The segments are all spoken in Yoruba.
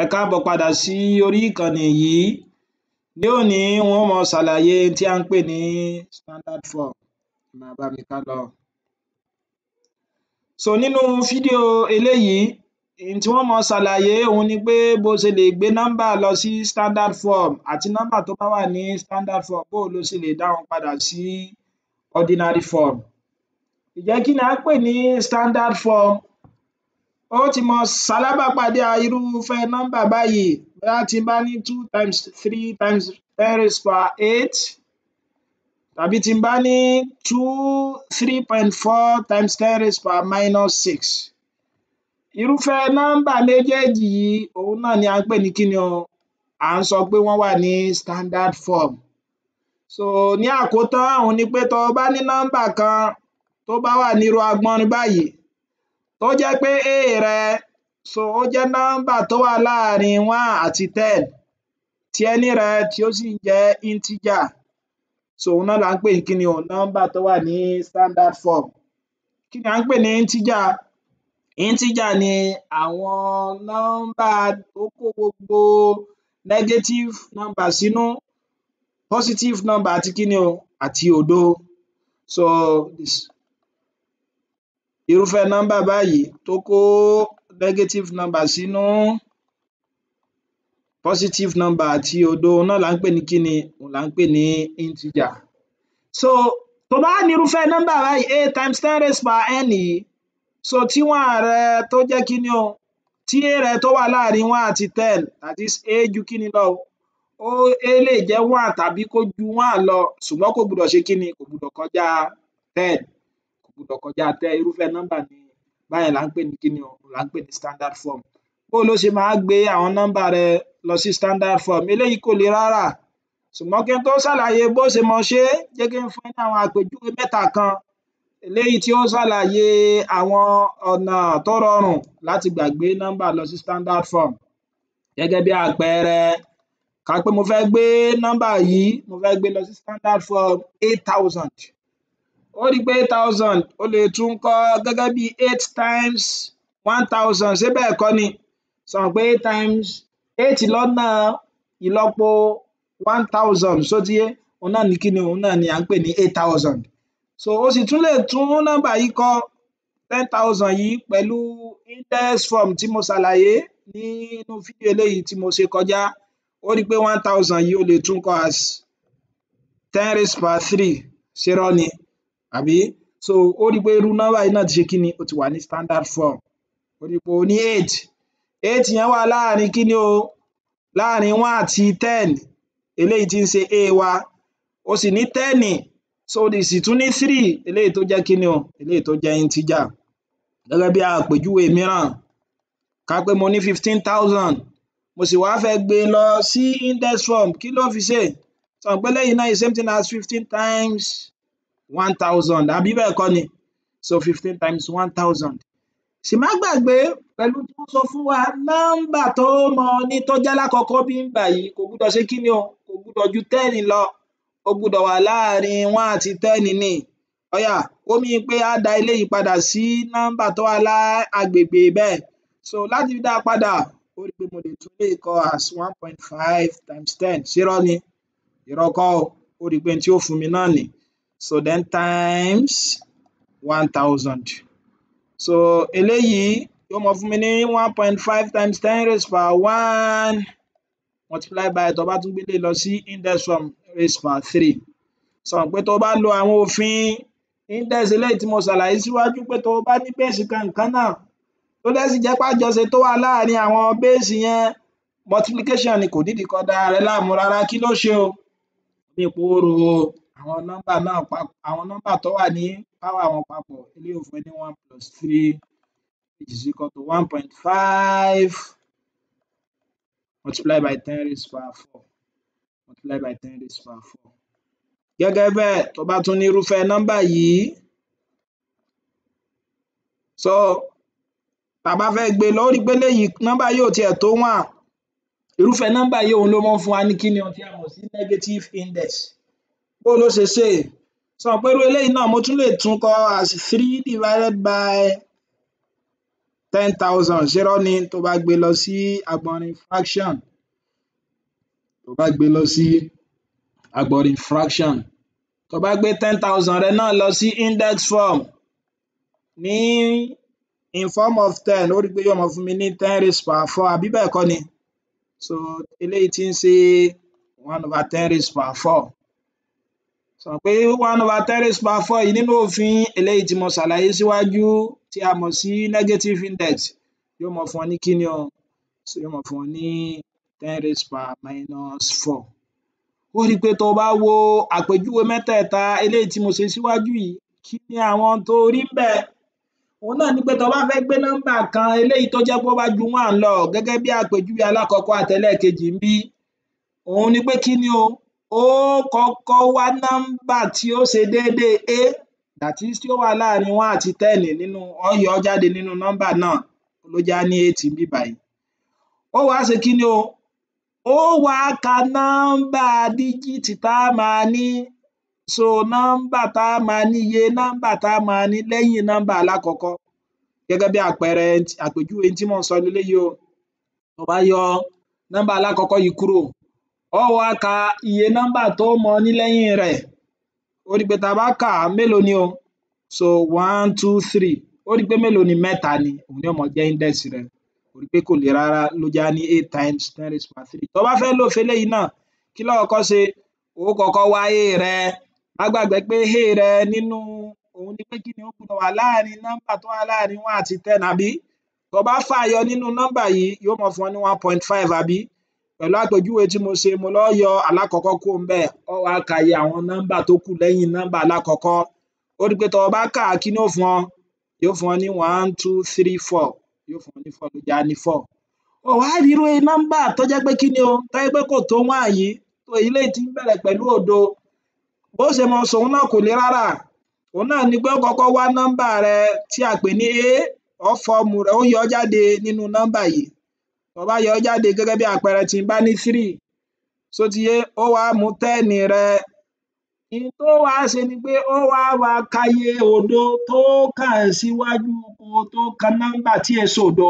ẹ káàbọ̀ padà sí orí ìkànnì yìí ní òní wọn ó mọ ṣàlàyé tí à ń pè ní standard form ẹ máa bá mi ká lọ. so nínú fídíò eléyìí ohun tí wọ́n mọ ṣàlàyé òun ni pé bó ṣe lè gbé nọ́mbà lọ sí standard form àti nọ́mbà tó bá wà ní standard form bó o ló ṣe lè dá wọn padà sí ordinary form. ǹjẹ́ kí ni à ń pè ní standard form ó ti máa ṣalábàápàdé irúfẹ́ nọ́mbà báyìí bóyá tí bá ní two times three times ten raised power eight tàbí tí bá ní two three point four times ten raised power minus six irúfẹ́ nọ́mbà méjèèjì yìí òun náà ni à ń pè ní kíni o à ń sọ pé wọ́n wà ní standard form so ní àkótán òun ni pé tó o bá ní nọ́mbà kan tó bá wà ní irú báyìí tó jẹ́ pé a rẹ so ó jẹ́ nọ́mbà tó wà láàrin one àti ten tí ẹni rẹ tí ó sì jẹ́ integer so òun náà là ń pè ní kíni o nọ́mbà tó wà ní standard form kí ni à ń pè ní integer integer ni àwọn nọ́mbà tó kó gbogbo negative number sínú positive number àti kíni o àti òdo so irúfẹ́ nọ́mbà báyìí tó kó negative number sínú positive number àti òdo òhun náà là ń pè ní kíni òhun là ń pè ní integer so tó bá wá ní irúfẹ́ nọ́mbà báyìí a times ten raised power n yìí so tí one rẹ tó jẹ́ kíni o tí a rẹ tó wà láàrin one àti ten that is a ju kíni lọ o a lè jẹ́ one tàbí kó ju one lọ ṣùgbọ́n kò gbọdọ̀ ṣe kíni kò gbọdọ̀ kọjá ten gbọ́dọ̀ kọjá tẹ irúfẹ́ nọ́mbà ni báyẹn là ń pè ní kíni o là ń pè ní standard form bó o ló ṣe máa gbé àwọn nọ́mbà rẹ lọ sí standard form eléyìí kò le rárá ṣùgbọ́n kí n tó ṣàlàyé bó ṣe mọ ṣe é jẹ́ kí n fún ẹ ní àwọn àpèjúwe mẹ́ta kan eléyìí tí ó ṣàlàyé àwọn ọ̀nà tó rọrùn láti gbà gbé nọ́mbà lọ sí standard form gẹ́gẹ́ bí àpẹẹrẹ ká pé mo fẹ́ gbé nọ́mbà yìí mo fẹ́ gbé lọ sí standard form eight thousand ó rí pé thousand o lè tún kọ gẹ́gẹ́ bí eight times one thousand ṣé bẹ́ẹ̀ kọ́ ni sọ pé eight times eight lọ́nà ìlọ́po one thousand ṣó ti yé òun náà ní kíni òun náà ni à ń pè ní eight thousand so o sì tún lè tún nọ́mbà yìí kọ ten thousand yìí pẹ̀lú index form tí mo ṣàlàyé nínú fídíò eléyìí tí mo ṣe kọjá ó rí pé one thousand yìí o lè tún kọ as ten raised power three ṣe rọ́ ni àbí so ó rí i pé irú nọ́mbà yìí náà ti ṣe kíni ó ti wà ní standard form ó rí i pé o ní eight eight yẹn wà láàrin kíni o láàrin one àti ten eléyìí tí ń ṣe a wa o sì ní ten so o sì tún ní three eléyìí tó jẹ́ kíni o eléyìí tó jẹ́ integer gẹ́gẹ́ bí àpèjúwe mìíràn ká pé mo ní fifteen thousand mo sì wá fẹ́ gbé e lọ sí index form kí ló fi ṣe sọ pé lẹ́yìn náà same thing as fifteen times one thousand àbí bẹ́ẹ̀ kọ́ ni so fifteen times one thousand sì má gbàgbé pẹ̀lú tí wọ́n sọ fún wa nọ́mbà tó mọ ní tó jẹ́ lákọ̀ọ́kọ́ bí ń bà yìí kò gbúdọ̀ ṣe kí ni o kò gbúdọ̀ ju ten lọ ó gbúdọ̀ wà láàrin one àti ten ni ọ̀yà omi mí pé á da eléyìí padà sí nọ́mbà tó wà lá agbègbè bẹ́ẹ̀ so láti dá a padà ó rí i pé mo lè tún lè kọ as one point five times ten ṣé irọ́ ni irọ́ o ó rí i pé n tí ó fún mi náà nìí so then times one thousand so eléyìí yóò mọ fún mi ní one point five times ten raised per one multiply by tó bá tún gbélé lọ sí index from raised per three sọ pé tó bá lo àwọn òfin index eléyìí tí mo ṣàlàyé síwájú pé tó bá ní bẹ́ẹ̀sì kan nǹkan náà tó dẹ̀ sì jẹ́ pájọṣe tó wà láàárín àwọn bẹ́ẹ̀sì yẹn multiplication ni kò nídìí kó dá rẹ láàmú rárá kí ló ṣe o ní ìpòrò o àwọn nọ́mbà náà papọ̀ àwọn nọ́mbà tó wà ní power wọn papọ̀ eléyìí ó ní one plus three which is equal to one point five Multiply by ten raised power four Multiply by ten raised power four. gẹ́gẹ́ bẹ́ẹ̀ tó bá tún ní irúfẹ́ nọ́mbà yìí so tàbá fẹ́ gbé e lọ ó rí i pé léyìí nọ́mbà yóò tiẹ̀ tó wọ̀n irúfẹ́ nọ́mbà yìí òun ló mọ́ fún wa ní kíni ohun tí a sí negative index bó ló ṣe ṣe é ṣo mọ̀ pé irú eléyìí náà mo tún lè tún kọ as three divided by ten thousand Zero ni tó bá gbé lọ sí agbọnrin fraction tó bá gbé lọ sí agbọnrin fraction tó bá gbé ten thousand rẹ náà lọ sí index form ní in form of ten ó rí i pé yóò mọ fún mi ní ten raised power four àbí bẹ́ẹ̀ kọ́ ni so eléyìí tí ń ṣe one over ten raised power four sọ pé one over three super four yìí nínú òfin eléyìí tí mo ṣàlàyé síwájú tí a mọ̀ sí negative index yóò mọ fún ọ ní kíni o yóò mọ fún ọ ní ten raised per minus four ó rí i pé tó o bá wo àpèjúwe mẹ́tẹ̀ẹ̀ta eléyìí tí mo ṣe síwájú yìí kí ni àwọn tó rí ń bẹ̀ òun náà ni pé tó o bá fẹ́ gbé nọ́mbà kan eléyìí tó jẹ́ pé ó bá ju one lọ gẹ́gẹ́ bí àpèjúwe alákọ̀ọ́kọ́ àtẹlẹ́ẹ̀kejì ń bí òun ni pé kí ni o ó kọ́kọ́ wá nọ́mbà tí ó ṣe déédé A that is tí ó wà láàrin one àti ten nínú ó jáde nínú nọ́mbà náà ló já ní báyìí. Ó wá ṣe ni o, ó wá ka nọ́mbà dígítì tá á máa ní so nọ́mbà tá máa ní iye nọ́mbà tá máa ní lẹ́yìn nọ́mbà alákọ̀ọ́kọ́ gẹ́gẹ́ bí àpẹẹrẹ àpèjúwe ohun yọ nọ́mbà alákọ̀ọ́kọ́ yìí kúrò ọ ka iye nọ́mbà tó mọ ní lẹ́yìn rẹ̀ ó rí pé kà mélòó ni o so one two three ó rí pé mélòó ni mẹ́ta ni òun ni jẹ́ index rẹ̀ ó rí kò le rárá ló já ní eight times ten raised by three tó bá fẹ́ lò náà kí ló kọ́kọ́ ṣe ó kọ́kọ́ wá a rẹ pé a rẹ nínú òun ni pé kí ni ó wà láàrin nọ́mbà tó àti ten àbí tó bá nínú nọ́mbà yìí yóò mọ fún pẹ̀lú àpèjúwe tí mo ṣe mo yọ alákọ̀ọ́kọ́ kúrò ńbẹ̀ ọ wá ka iye àwọn nọ́mbà tó kù lẹ́yìn nọ́mbà alákọ̀ọ́kọ́ ó i pé tó o bá kà á kí ni yóò fún yóò fún ọ ní one two three four yóò fún ọ ní four ló jẹ́ four o wá rí irú nọ́mbà pé kí ni o tó jẹ́ pé kò tó tó òdo bó ṣe mọ sòun náà kò le rárá òun náà ni pé wá nọ́mbà rẹ tí a pè ní a ó fọ́ọ̀mù rẹ̀ ó yọ jáde nínú nọ́mbà yìí tó bá yọ jáde gẹ́gẹ́ bí àpẹẹrẹ tí n bá ní ó wá mú rẹ ihun tó wá ṣe ni pé ó wá wà káyé òdo tó kàn síwájú ụkọ tó kan nọ́mbà tí è ṣòdo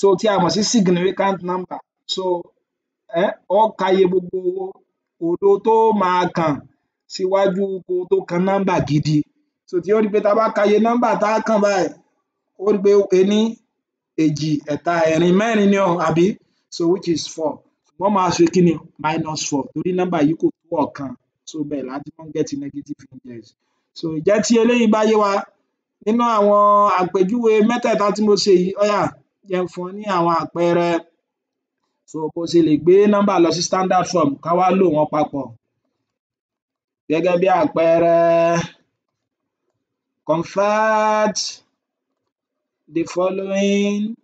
so tí a mọ̀ sí significant number so um gbogbo òdo tó máa kàn síwájú tó kan nọ́mbà gidi pé bá nọ́mbà kàn báyìí ó pé èjì ẹ̀ta ẹ̀rin mẹ́rin ni o àbí so which is four ṣùgbọ́n máa ṣe kí ni minus four torí nọ́mbà yìí kò tó ọ̀kan so bẹ́ẹ̀ la ti get negative integers so ǹjẹ́ tí eléyìí bá yé wa nínú àwọn àpèjúwe mẹ́tẹ̀ẹ̀ta tí mo ṣe yìí ó yá jẹ́ n fún ọ ní àwọn àpẹẹrẹ so bó ṣe lè gbé nọ́mbà lọ sí standard form ká wá lò wọ́n papọ̀ gẹ́gẹ́ bí àpẹẹrẹ convert the following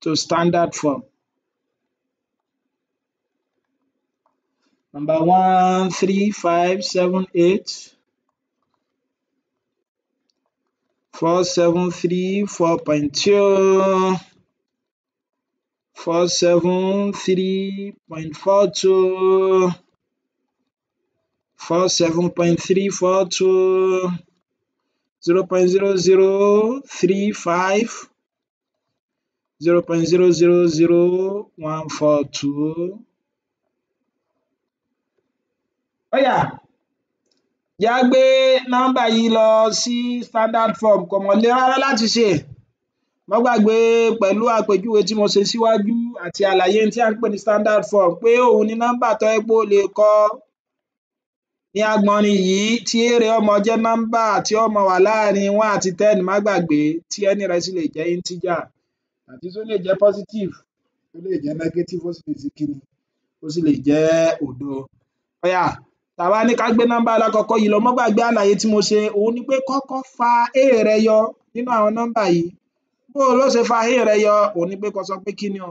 to standard form. Number one, three, five, seven, eight, four, seven, three, four point two, four, seven, three point four two, four, seven point three, four two. 0.0035, 0.000142. Ọ̀yà yá gbé nọ́mbà yìí lọ sí standard form kò mọ̀ le rárá láti ṣe. Má gbàgbé pẹ̀lú àpèjúwe tí mo ṣe síwájú àti àlàyé ohun tí à ń pè ní standard form pé òhun ni nọ́mbà tó jẹ́ pé o lè kọ ní agbọnrin yìí tí èrè ọmọ jẹ́ nọ́mbà tí ọmọ mọ wà láàrin one àti ten má gbàgbé tí ẹni rẹ̀ sì lè jẹ́ integer àti tó lè jẹ́ positive ó lè jẹ́ negative ó sì lè ṣe kíni ó sì lè jẹ́ òdo óyá tá a bá ní ká gbé nọ́mbà alákọ̀ọ́kọ́ yìí lọ mọ́ gbàgbé àlàyé tí mo ṣe òhun ni pé kọ́kọ́ fa a rẹ yọ nínú àwọn nọ́mbà yìí bó o ló ṣe fa a rẹ yọ òhun ni pé kó o sọ pé kíni o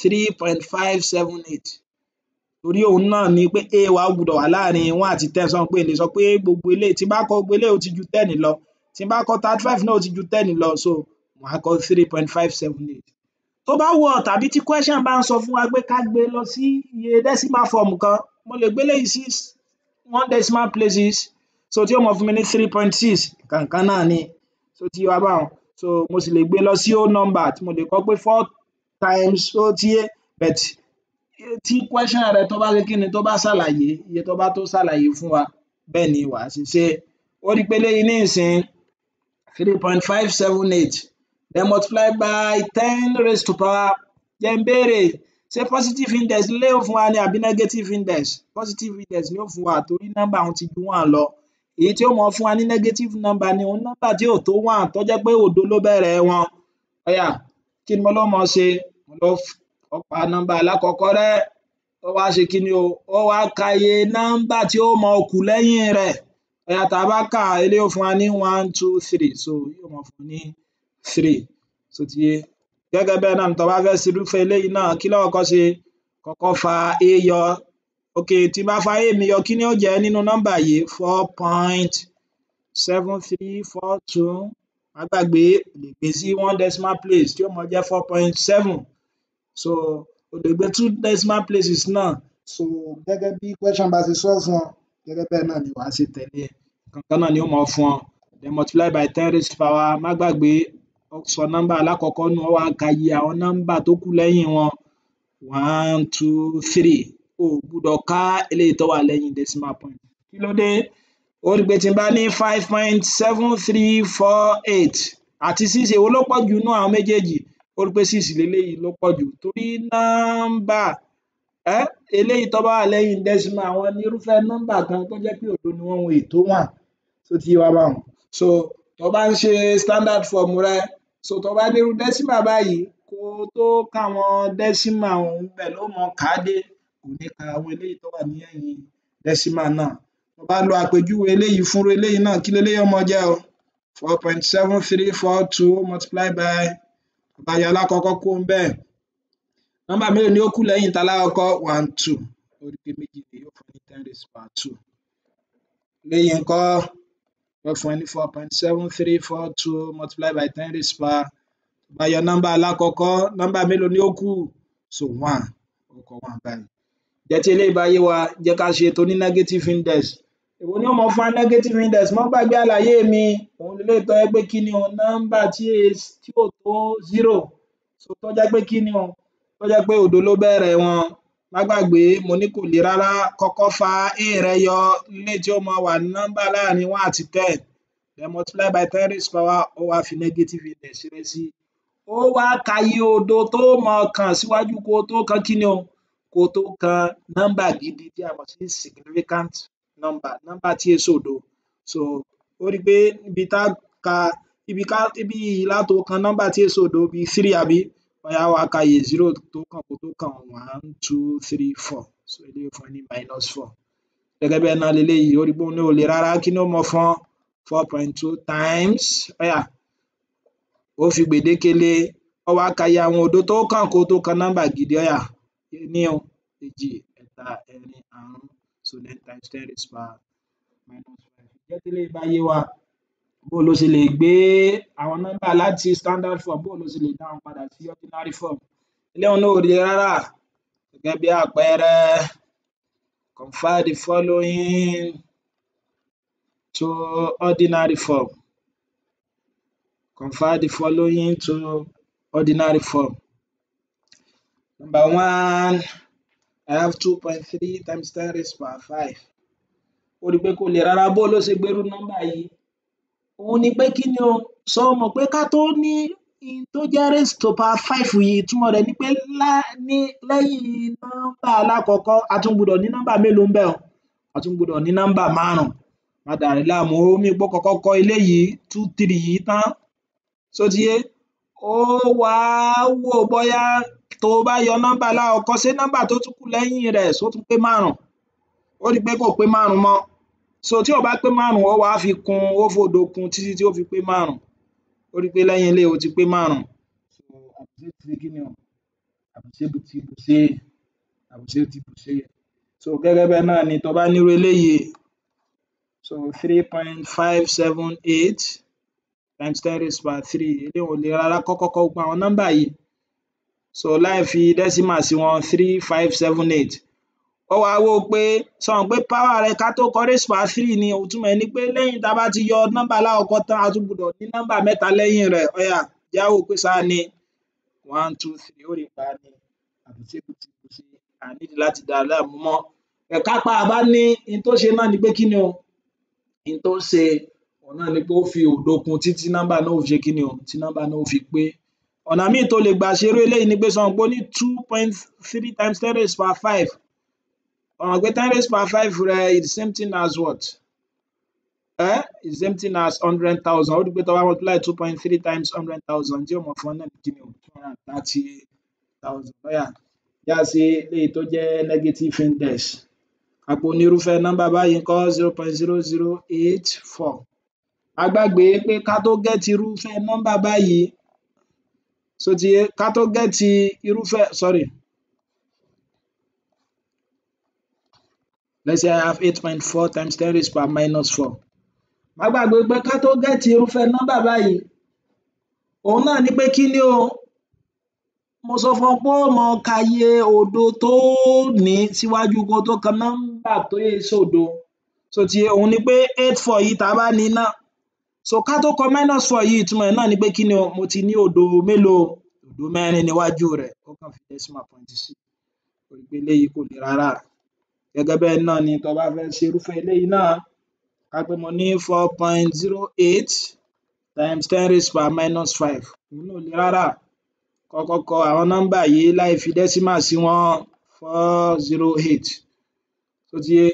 three point five seven eight torí òun náà ni pé a wa gbúdọ̀ wà láàrin one àti ten sọ pé lè sọ pé gbogbo eléyìí tí bá kọ gbogbo eléyìí ó ti ju ten lọ tí bá kọ thirty five náà ó ti ju ten lọ so màá kọ three point five seven eight. tó bá wù tàbí tí question bá ń sọ fún wa pé ká gbé lọ sí iye decimal form kan mo lè gbé eléyìí sí one decimal places so tí ó mọ fún mi ní three point six kankan náà ni so ti wá báwọn so mo sì lè gbé lọ sí whole number tí mo lè kọ pé four times ó ti yé but tí question rẹ tó bá ṣe kí ni tó bá ṣàlàyé iye tó bá tó ṣàlàyé fún wa bẹ́ẹ̀ ni wà ṣe ṣe ó rí i pé three point five seven eight then multiply by ten raised to power then béèrè ṣé positive index lè fún wa ni àbí negative index positive index ni ó fún wa torí nọ́mbà òun ti ju one lọ èyí tí ó mọ fún wa ní negative number ni òun nọ́mbà tí ò tó one tó jẹ́ pé òdo ló bẹ̀rẹ̀ wọn ó yá kí ni mo lọ mọ ṣe mo lọ ó pa nọ́mbà alákọ̀ọ́kọ́ rẹ́ ó wá ṣe kí ni o ó wá ka iye nọ́mbà tí ó mọ kù lẹ́yìn rẹ̀ ọ̀yà tá a bá kà eléyìí ó fún wa ní one two three so yóò mọ fún ní three tó ti yé gẹ́gẹ́ bẹ́ẹ̀ náà tó bá fẹ́ ṣe eléyìí náà kí ló kọ́kọ́ ṣe kọ́kọ́ fa a yọ ok tí bá fa a mi yọ kí ni ó jẹ́ nínú nọ́mbà yìí four point seven three four two má gbàgbé lè gbé sí one decimal place tí ó mọ jẹ́ four point seven so o lè gbé two decimal places náà so gẹ́gẹ́ bí question bá ṣe sọ fún ọ gẹ́gẹ́ bẹ́ẹ̀ náà ni wàá ṣe tẹ̀lé ẹ̀ e. ìkankan náà ni ó máa fún ọ then multiply by ten raised to power má gbàgbé ó sọ number alákọ̀ọ́kọ́ nù ó wá ka iye àwọn nọ́mbà tó kù lẹ́yìn wọn one two three o ò gbúdọ̀ ká eléyìí tó wà lẹ́yìn decimal point kí ló dé ó rí pé tí n bá ní five point seven three four eight àti six èwo ló pọ̀ jù nínú àwọn méjèèjì ó rí pé six leléyìí ló pọ̀ jù torí nọ́ḿbà um eléyìí tó wà lẹ́yìn decimal àwọn irúfẹ́ nọ́ḿbà kan tó jẹ́ pé òdo ni wọ́n wọn tó ti yé wa so tó ń ṣe standard form rẹ so tó bá dérú báyìí ko tó káwọn decimal un ibẹ̀ ló mọ kà kò ní ka àwọn eléyìí tó ní ẹ̀yìn decimal náà tó lo àpèjúwe eléyìí fúnrú eléyìí náà kí leléyìí ó jẹ́ o four point seven three four two multiply by Abala alákọ́kọ́ kúrò ńbẹ̀. Nọ́mbà mélòó ni ó kù lẹ́yìn talákọ́kọ́? One two, ó rí pé méjì ni yóò fún ní ten raised power two. Eléyìí ńkọ́? Yóò fún ẹ four point seven three four two multiply by ten raised power tó bá yọ nọ́mbà alákọ́kọ́, nọ́mbà mélòó ni ó kù? So one, ó kọ one báyìí. Ǹjẹ́ tí eléyìí bá yé wa, ẹ ká ṣe toní negative index èwo ni ó mọ fún wa negative index mọ́ gbàgbé àlàyé mi òun lè tọ́ jẹ́ pé kí ni o nọ́mbà tí ò tó zero so tó jẹ́ pé kí ni o tó jẹ́ pé òdo ló bẹ̀rẹ̀ wọn má gbàgbé mo ní kò le rárá kọ́kọ́ fa a rẹ yọ eléyìí tí ó mọ wà ní nọ́mbà láàrin one àti ten then multiply by ten raised power ó wá fi negative index rẹ sí ó wá ka iye òdo tó mọ kàn síwájú kó tó kan kí ni o kó tó kan nọ́mbà gidi tí a mọ̀ sí significant nọ́ḿbà nọ́ḿbà tí è ṣòdo so ó ri pé ibi tá ka ibi ká ibí yìí lá tó kan nọ́ḿbà tí è ṣòdo bí three àbí bóyá á ka iye zero tó kàn kó tó kàn one two three four so eléyìí fún ẹ minus four gẹ́gẹ́ bẹ́ẹ̀ náà leléyìí ó ri pé òun náà ò le rárá kí ni ó mọ fọn four point two times óyá ó fi gbèdéke le ó wá ka iye àwọn òdo tó kàn kó tó kan nọ́ḿbà gidi óyá ení o èjì ẹ̀ta ẹ̀rin àrún so ten times ten raised power minus five ǹjẹ́ téléyìí bá yé wa bó o ló ṣe lè gbé àwọn nọ́mbà láti standard form bó o ló ṣe lè dá padà sí ordinary form eléyìí náà ò le rárá gẹ́gẹ́ bí àpẹẹrẹ convert the following to ordinary form convert the following to ordinary form number one I have two point three times ten raised power five ó rí i pé kò lè rárá bó ló ṣe gbèrú nọ́mbà yìí òun ni pé kí ni o sọ mọ̀ pé ká tó ní in tó jẹ́ raised to power five yìí ìtumọ̀ rẹ̀ ni pé ní lẹ́yìn nọ́mbà alákọ̀ọ́kọ́ a tún gbúdọ̀ ní nọ́mbà mélòó ń bẹ̀ o a tún gbúdọ̀ ní nọ́mbà márùn-ún má dàrí láàmú ó mì pó kọ́kọ́ kọ́ eléyìí two three yìí tán ṣó ti yé ó wá wò bóyá tó o bá yọ nọ́mbà alákọ̀ọ́kọ́ ṣé nọ́mbà tó tún kù lẹ́yìn rẹ̀ ṣó tún pé márùn-ún ó rí i pé kò pé márùn-ún mọ́ so tí ò bá pé márùn-ún ó wàá fi kún ó fòdo kún títí tí ó fi pé márùn ó rí pé lẹ́yìn eléyìí ó ti pé márùn àbùṣe ti kí ni o àbùṣe ti bùṣe àbùṣe ti bùṣe so gẹ́gẹ́ bẹ́ẹ̀ náà ni tó bá nírú eléyìí so three point five seven eight times ten raised by three eléyìí ò le rárá kọ́kọ́kọ́ gbogbo àwọn nọ́mbà yìí so láì fi decimal sí wọn three five seven eight ó wáá wò ó pé sọ wọn pé power rẹ ká tó kọ raised three ni òtúmọ̀ ẹni pé lẹ́yìn tá a bá ti yọ nọ́mbà aláwọ̀kọ́ tán a tún gbọdọ̀ ní nọ́mbà mẹ́ta lẹ́yìn rẹ̀ ó yá pé sáà ni one two three ó rí pa ni àbí tébù tí mo ṣe à láti dà láàmú mọ́ ẹ̀ka pa àbá ní in tó ṣe náà ni pé kí ni o in tó ṣe òun ni pé ó fi òdo kún títí nọ́mbà náà ó fi ṣe kí ni o tí nọ́mbà náà ó fi pé ọ̀nà míì tó lè gbà ṣe irú eléyìí ni pé sọ pé ó ní two point three times ten raised power five o mọ̀ pé ten raised power five rẹ is the same thing as what eh is the same thing as hundred thousand ó rí i pé tó bá multiply two point three times hundred thousand tí yóò mọ̀ fún ọ náà ní kíni o two hundred and thirty thousand ó yá sí eléyìí tó jẹ́ negative index àpò onírúfẹ́ nọ́mbà báyìí ńkọ́ zero point zero zero eight four a gbàgbé pé ká tó gẹ́tì irúfẹ́ nọ́mbà báyìí So ti yé e, ká tó gẹ́ẹ̀tì irúfẹ́ sorry let's say I have eight point four times ten raised power minus four má gbàgbé pé ká tó gẹ́ẹ̀tì irúfẹ́ nọ́mbà báyìí òun náà ni pé kí ni o mo sọ fún ọ pé ó mọ ka iye òdo tó ní síwájú kó tó kan nọ́mbà tó yẹ sódo ṣó ti yé e, òun ni pé eight four yìí tá a bá ní náà So ká tó kọ minus four yìí ìtumọ̀ ẹ̀ náà ni pé kí ni o mo ti ní odò mélòó odò mẹ́rin níwájú rẹ̀ ó kàn fi decimal point sí torí pé eléyìí kò le rárá gẹ́gẹ́ bẹ́ẹ̀ náà ni tó bá fẹ́ ṣe irúfẹ́ eléyìí náà ká pé mo ní four point zero eight times ten raised power minus five òun náà ò le rárá kọ́kọ́ kọ àwọn nọ́mbà yìí láì fi decimal sí wọn four zero eight tó ti yé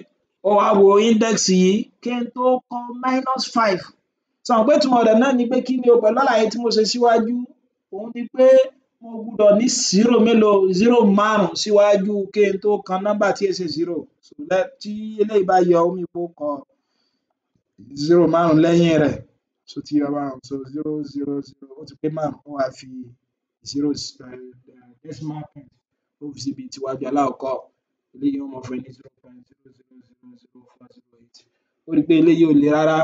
ó wá wo index yìí kí n tó kọ minus five sàn pé túmọ̀ rẹ̀ náà ni pé kí ni o pẹ̀lú àlàyé tí mo ṣe síwájú òun ni pé mo gbúdọ̀ ní zero mélòó zero márùn-ún síwájú kí n tó kan nọ́mbà tí èsè zero tí eléyìí bá yọ omi kó kọ zero márùn-ún lẹ́yìn rẹ̀ tó ti yọ márùn so zero zero zero ó ti pé márùn ó wá fi zero decimal eh, eh, point ó fi síbi tíwájú aláwọ̀kọ́ eléyìí ó mọ fún ẹ zero point zero zero zero zero four zero eight ó rí i pé eléyìí ò le rárá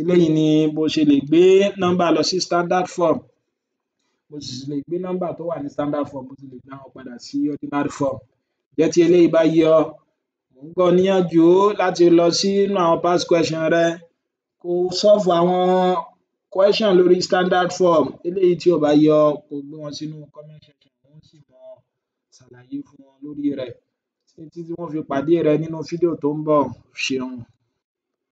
eléyìí ni bó ṣe lè gbé nọ́mbà lọ sí standard form bó sì lè gbé nọ́mbà tó wà ní standard form bó sì lè gbé wọn padà sí ordinary form jẹ́ tí eléyìí bá yé ọ mò ń gbọ́ ọ níyànjú láti lọ sínú àwọn past question rẹ kó sọ́ọ̀fù àwọn question lórí standard form eléyìí tí ò bá yé ọ kó gbé wọn sínú comment section wọ́n sì mọ ṣàlàyé fún ọ lórí rẹ̀ títí tí wọ́n fi pàdé rẹ nínú fídíò tó ń bọ̀ ṣeun.